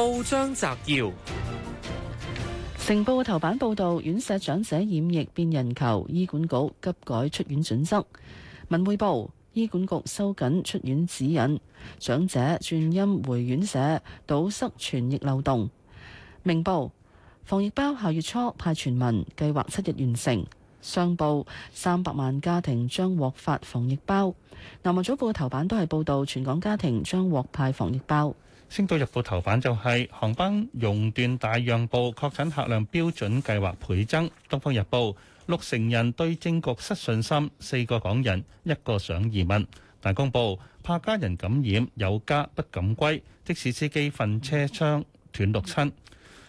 報章摘要：城報頭版報道，院舍長者染疫變人球，醫管局急改出院準則。文匯報：醫管局收緊出院指引，長者轉陰回院舍，堵塞全疫漏洞。明報：防疫包下月初派全民，計劃七日完成。商報：三百萬家庭將獲發防疫包。南華早報頭版都係報道，全港家庭將獲派防疫包。星島日報頭版就係航班熔斷大讓步，確診客量標準計劃倍增。東方日報，六成人對政局失信心，四個港人一個想移民。大公報，怕家人感染，有家不敢歸。的士司機瞓車窗斷六親。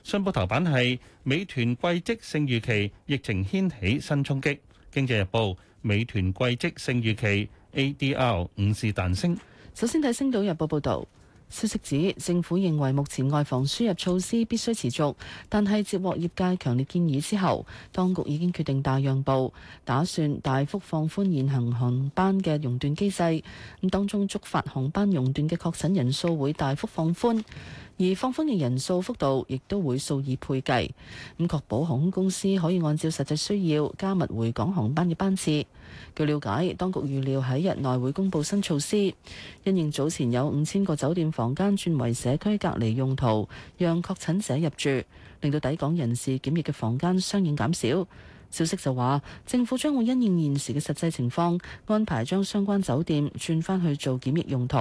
信報頭版係美團季績勝預期，疫情掀起新衝擊。經濟日報，美團季績勝預期，ADR 午市彈升。首先睇星島日報報導。消息指，政府認為目前外防輸入措施必須持續，但係接獲業界強烈建議之後，當局已經決定大讓步，打算大幅放寬現行航班嘅熔斷機制。咁當中觸發航班熔斷嘅確診人數會大幅放寬，而放寬嘅人數幅度亦都會數以倍計，咁確保航空公司可以按照實際需要加密回港航班嘅班次。據了解，當局預料喺日內會公布新措施。因應早前有五千個酒店房間轉為社區隔離用途，讓確診者入住，令到抵港人士檢疫嘅房間相應減少。消息就話，政府將會因應現時嘅實際情況，安排將相關酒店轉翻去做檢疫用途。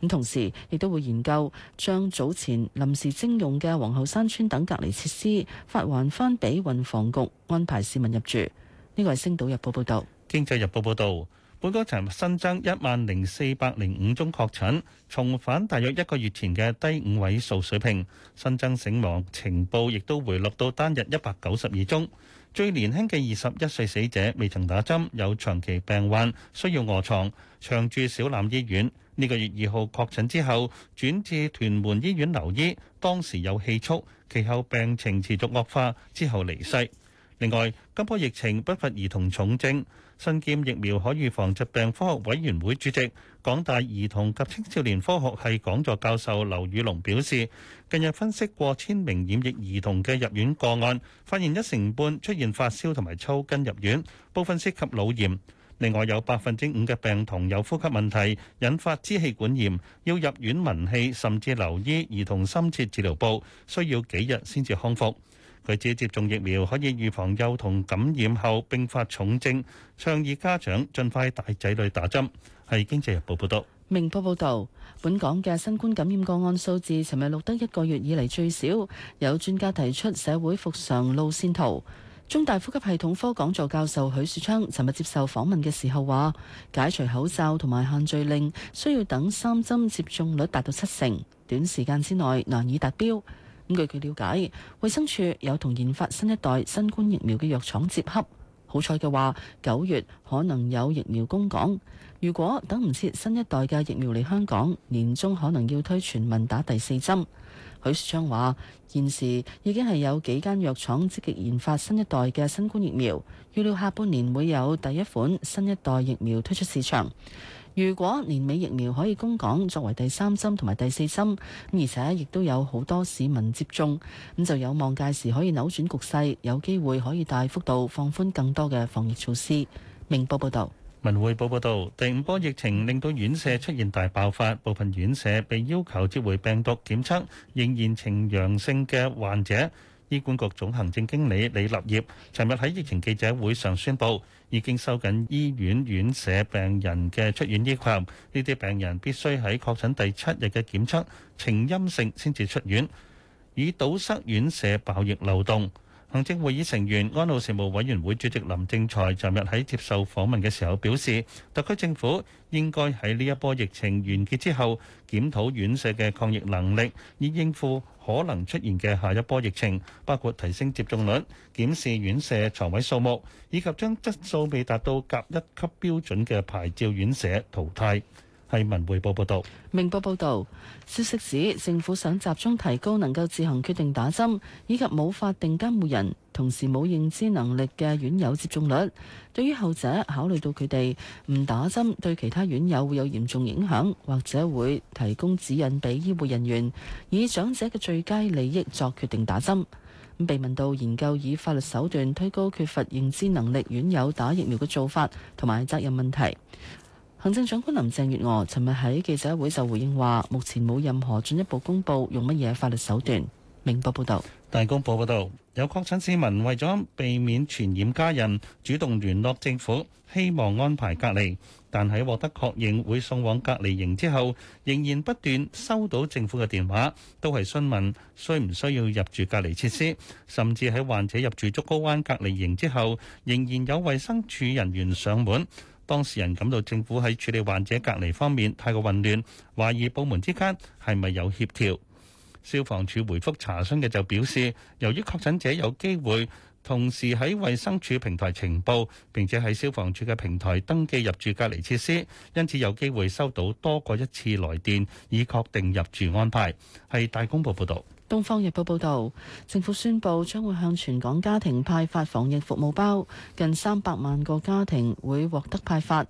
咁同時亦都會研究將早前臨時徵用嘅皇后山邨等隔離設施發還翻俾運房局安排市民入住。呢個係《星島日報》報導。經濟日報報導，本港尋日新增一萬零四百零五宗確診，重返大約一個月前嘅低五位數水平。新增死亡情報亦都回落到單日一百九十二宗。最年輕嘅二十一歲死者未曾打針，有長期病患，需要臥床。長住小欖醫院。呢、這個月二號確診之後，轉至屯門醫院留醫，當時有氣促，其後病情持續惡化，之後離世。另外，今波疫情不乏兒童重症，新冠疫苗可預防疾病科學委員會主席、港大兒童及青少年科學系講座教授劉宇龍表示，近日分析過千名染疫兒童嘅入院個案，發現一成半出現發燒同埋抽筋入院，部分涉及腦炎。另外，有百分之五嘅病童有呼吸問題，引發支氣管炎，要入院聞氣，甚至留醫兒童深切治療部，需要幾日先至康復。佢指接種疫苗可以預防幼童感染後並發重症，倡議家長盡快帶仔女打針。係《經濟日報》報道。明報報道，本港嘅新冠感染個案數字尋日錄得一個月以嚟最少。有專家提出社會復常路線圖。中大呼吸系統科講座教授許樹昌尋日接受訪問嘅時候話，解除口罩同埋限聚令需要等三針接種率達到七成，短時間之內難以達標。據佢了解，衛生署有同研發新一代新冠疫苗嘅藥廠接洽。好彩嘅話，九月可能有疫苗供港。如果等唔切新一代嘅疫苗嚟香港，年中可能要推全民打第四針。許樹昌話：現時已經係有幾間藥廠積極研發新一代嘅新冠疫苗，預料下半年會有第一款新一代疫苗推出市場。如果年尾疫苗可以供港作為第三針同埋第四針，而且亦都有好多市民接種，咁就有望屆時可以扭轉局勢，有機會可以大幅度放寬更多嘅防疫措施。明報報道，文匯報報道，第五波疫情令到院舍出現大爆發，部分院舍被要求接回病毒檢測仍然呈陽性嘅患者。醫管局總行政經理李立業尋日喺疫情記者會上宣佈，已經收緊醫院院舍病人嘅出院要求，呢啲病人必須喺確診第七日嘅檢測呈陰性先至出院，以堵塞院舍爆疫漏洞。行政會議成員、安老事務委員會主席林正財昨日喺接受訪問嘅時候表示，特區政府應該喺呢一波疫情完結之後，檢討院舍嘅抗疫能力，以應付可能出現嘅下一波疫情，包括提升接種率、檢視院舍床位數目，以及將質素未達到甲一級標準嘅牌照院舍淘汰。係文匯報報道。明報報道，消息指政府想集中提高能夠自行決定打針以及冇法定監護人、同時冇認知能力嘅院友接種率。對於後者，考慮到佢哋唔打針對其他院友會有嚴重影響，或者會提供指引俾醫護人員，以長者嘅最佳利益作決定打針。咁被問到研究以法律手段推高缺乏認知能力院友打疫苗嘅做法同埋責任問題。行政長官林鄭月娥尋日喺記者會就回應話，目前冇任何進一步公布用乜嘢法律手段。明報報道，大公報報道，有確診市民為咗避免傳染家人，主動聯絡政府，希望安排隔離。但喺獲得確認會送往隔離營之後，仍然不斷收到政府嘅電話，都係詢問需唔需要入住隔離設施，甚至喺患者入住竹篙灣隔離營之後，仍然有衛生署人員上門。當事人感到政府喺處理患者隔離方面太過混亂，懷疑部門之間係咪有協調。消防處回覆查詢嘅就表示，由於確診者有機會同時喺衛生署平台呈報，並且喺消防處嘅平台登記入住隔離設施，因此有機會收到多過一次來電，以確定入住安排。係大公報報導。《東方日報》報導，政府宣布將會向全港家庭派發防疫服務包，近三百萬個家庭會獲得派發。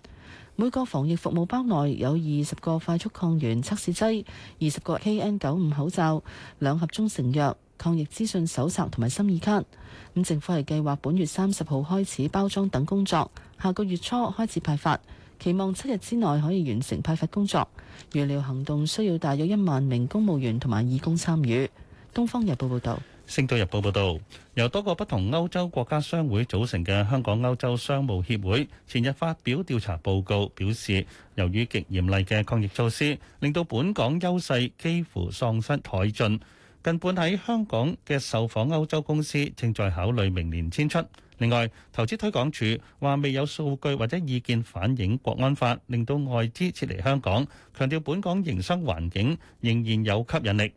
每個防疫服務包內有二十個快速抗原測試劑、二十個 KN 九五口罩、兩盒中成藥、抗疫資訊手冊同埋心意卡。咁政府係計劃本月三十號開始包裝等工作，下個月初開始派發，期望七日之內可以完成派發工作。預料行動需要大約一萬名公務員同埋義工參與。《東方日報》報道。《星島日報》報道，由多個不同歐洲國家商會組成嘅香港歐洲商務協會前日發表調查報告，表示由於極嚴厲嘅抗疫措施，令到本港優勢幾乎喪失殆盡。近半喺香港嘅受訪歐洲公司正在考慮明年遷出。另外，投資推廣署話未有數據或者意見反映國安法令到外資撤離香港，強調本港營商環境仍然有吸引力。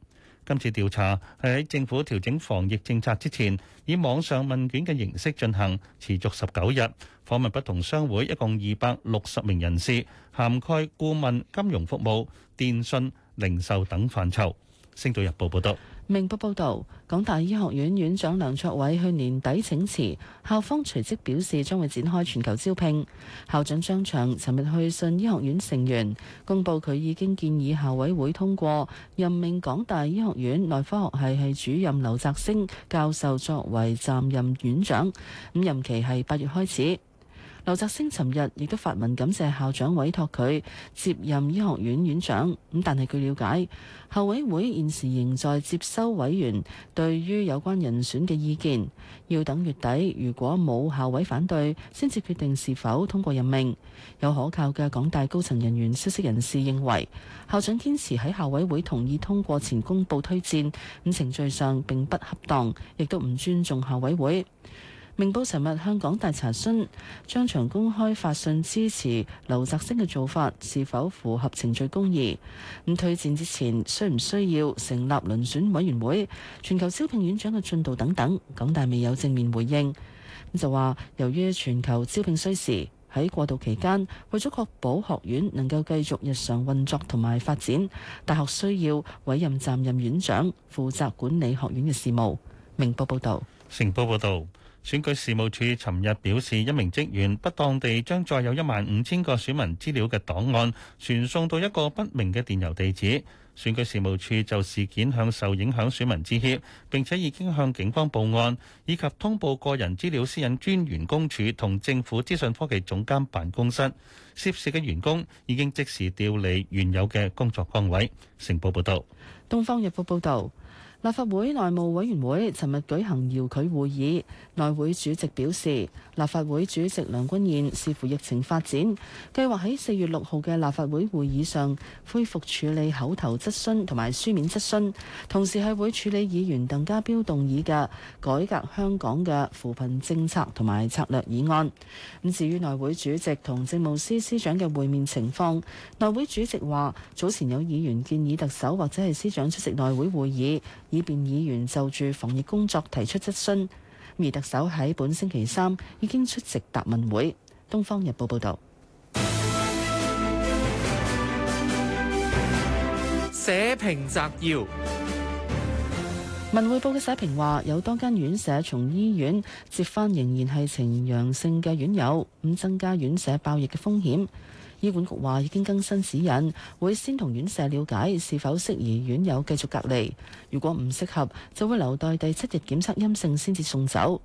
今次調查係喺政府調整防疫政策之前，以網上問卷嘅形式進行，持續十九日，訪問不同商會，一共二百六十名人士，涵蓋顧問、金融服務、電信、零售等範疇。星島日報報道。明報報道：港大醫學院院長梁卓偉去年底請辭，校方隨即表示將會展開全球招聘。校長張翔尋日去信醫學院成員，公布佢已經建議校委會通過任命港大醫學院內科學系系主任劉澤星教授作為暫任院長，咁任期係八月開始。劉澤星尋日亦都發文感謝校長委託佢接任醫學院院長，咁但係據了解，校委會現時仍在接收委員對於有關人選嘅意見，要等月底，如果冇校委反對，先至決定是否通過任命。有可靠嘅港大高層人員消息人士認為，校長堅持喺校委會同意通過前公布推薦，咁程序上並不恰當，亦都唔尊重校委會。明報尋日向港大查詢，張翔公開發信支持劉澤星嘅做法是否符合程序公義？咁推薦之前需唔需要成立遴選委員會？全球招聘院長嘅進度等等，港大未有正面回應。咁就話，由於全球招聘需時，喺過渡期間，為咗確保學院能夠繼續日常運作同埋發展，大學需要委任暫任院長負責管理學院嘅事務。明報報道。成報報導。選舉事務處尋日表示，一名職員不當地將載有一萬五千個選民資料嘅檔案傳送到一個不明嘅電郵地址。選舉事務處就事件向受影響選民致歉，並且已經向警方報案，以及通報個人資料私隱專員公署同政府資訊科技總監辦公室。涉事嘅員工已經即時調離原有嘅工作崗位。成報報道。東方日報報道。立法會內務委員會尋日舉行遙距會議，內會主席表示，立法會主席梁君彥視乎疫情發展，計劃喺四月六號嘅立法會會議上恢復處理口頭質詢同埋書面質詢，同時係會處理議員鄧家彪動議嘅改革香港嘅扶貧政策同埋策略議案。咁至於內會主席同政務司司長嘅會面情況，內會主席話早前有議員建議特首或者係司長出席內會會議。以便議員就住防疫工作提出質詢，而特首喺本星期三已經出席答問會。《東方日報》報導，社評摘要：文匯報嘅社評話，有多間院舍從醫院接返仍然係呈陽性嘅院友，咁增加院舍爆疫嘅風險。醫管局話已經更新指引，會先同院舍了解是否適宜院友繼續隔離，如果唔適合，就會留待第七日檢測陰性先至送走。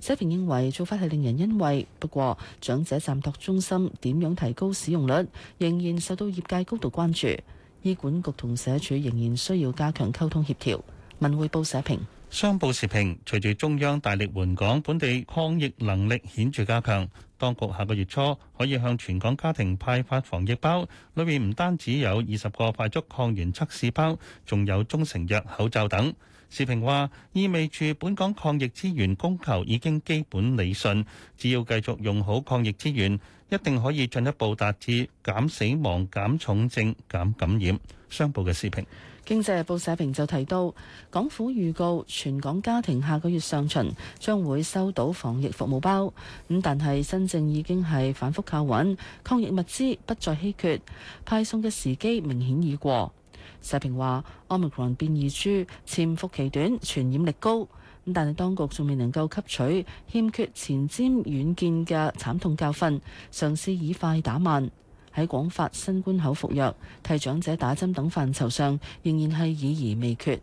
社評認為做法係令人欣慰，不過長者暫託中心點樣提高使用率，仍然受到業界高度關注。醫管局同社署仍然需要加強溝通協調。文匯報社評。商報時評，隨住中央大力援港，本地抗疫能力顯著加強。當局下個月初可以向全港家庭派發防疫包，裏面唔單止有二十個快速抗原測試包，仲有中成藥、口罩等。時評話意味住本港抗疫資源供求已經基本理順，只要繼續用好抗疫資源，一定可以進一步達至減死亡、減重症、減感染。商報嘅時評。經濟日報社評就提到，港府預告全港家庭下個月上旬將會收到防疫服務包。咁但係新政已經係反覆靠穩，抗疫物資不再稀缺，派送嘅時機明顯已過。社評話：Omicron 變異株潛伏期短、傳染力高，但係當局仲未能夠吸取欠缺前瞻遠見嘅慘痛教訓，嘗試以快打慢。喺廣發新冠口服藥、替長者打針等範疇上，仍然係議而未決。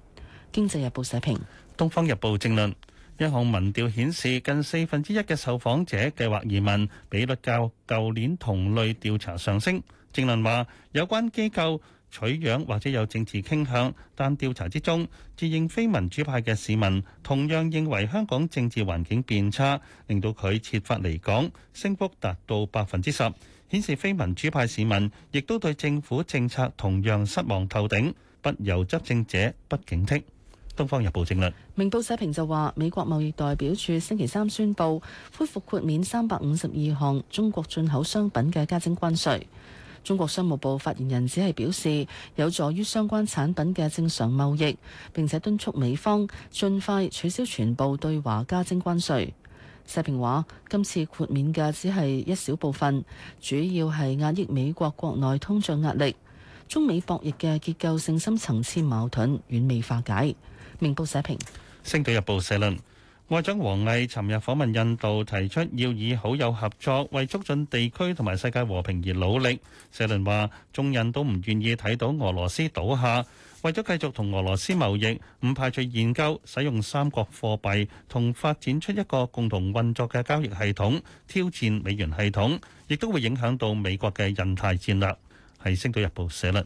經濟日報社評。《東方日報》政論：一項民調顯示，近四分之一嘅受訪者計劃移民，比率較舊年同類調查上升。政論話，有關機構取樣或者有政治傾向，但調查之中，自認非民主派嘅市民，同樣認為香港政治環境變差，令到佢設法離港，升幅達到百分之十。顯示非民主派市民亦都對政府政策同樣失望透頂，不由執政者不警惕。《東方日報》政論。明報社評就話：美國貿易代表處星期三宣布恢復豁免三百五十二項中國進口商品嘅加徵關稅。中國商務部發言人只係表示有助於相關產品嘅正常貿易，並且敦促美方盡快取消全部對華加徵關稅。社評話：今次豁免嘅只係一小部分，主要係壓抑美國國內通脹壓力。中美博弈嘅結構性深層次矛盾遠未化解。明報社評，《星島日報》社論，外長王毅尋日訪問印度，提出要以好友合作為促進地區同埋世界和平而努力。社論話：眾人都唔願意睇到俄羅斯倒下。為咗繼續同俄羅斯貿易，唔排除研究使用三國貨幣同發展出一個共同運作嘅交易系統，挑戰美元系統，亦都會影響到美國嘅印太戰略。係《星島日報》寫啦。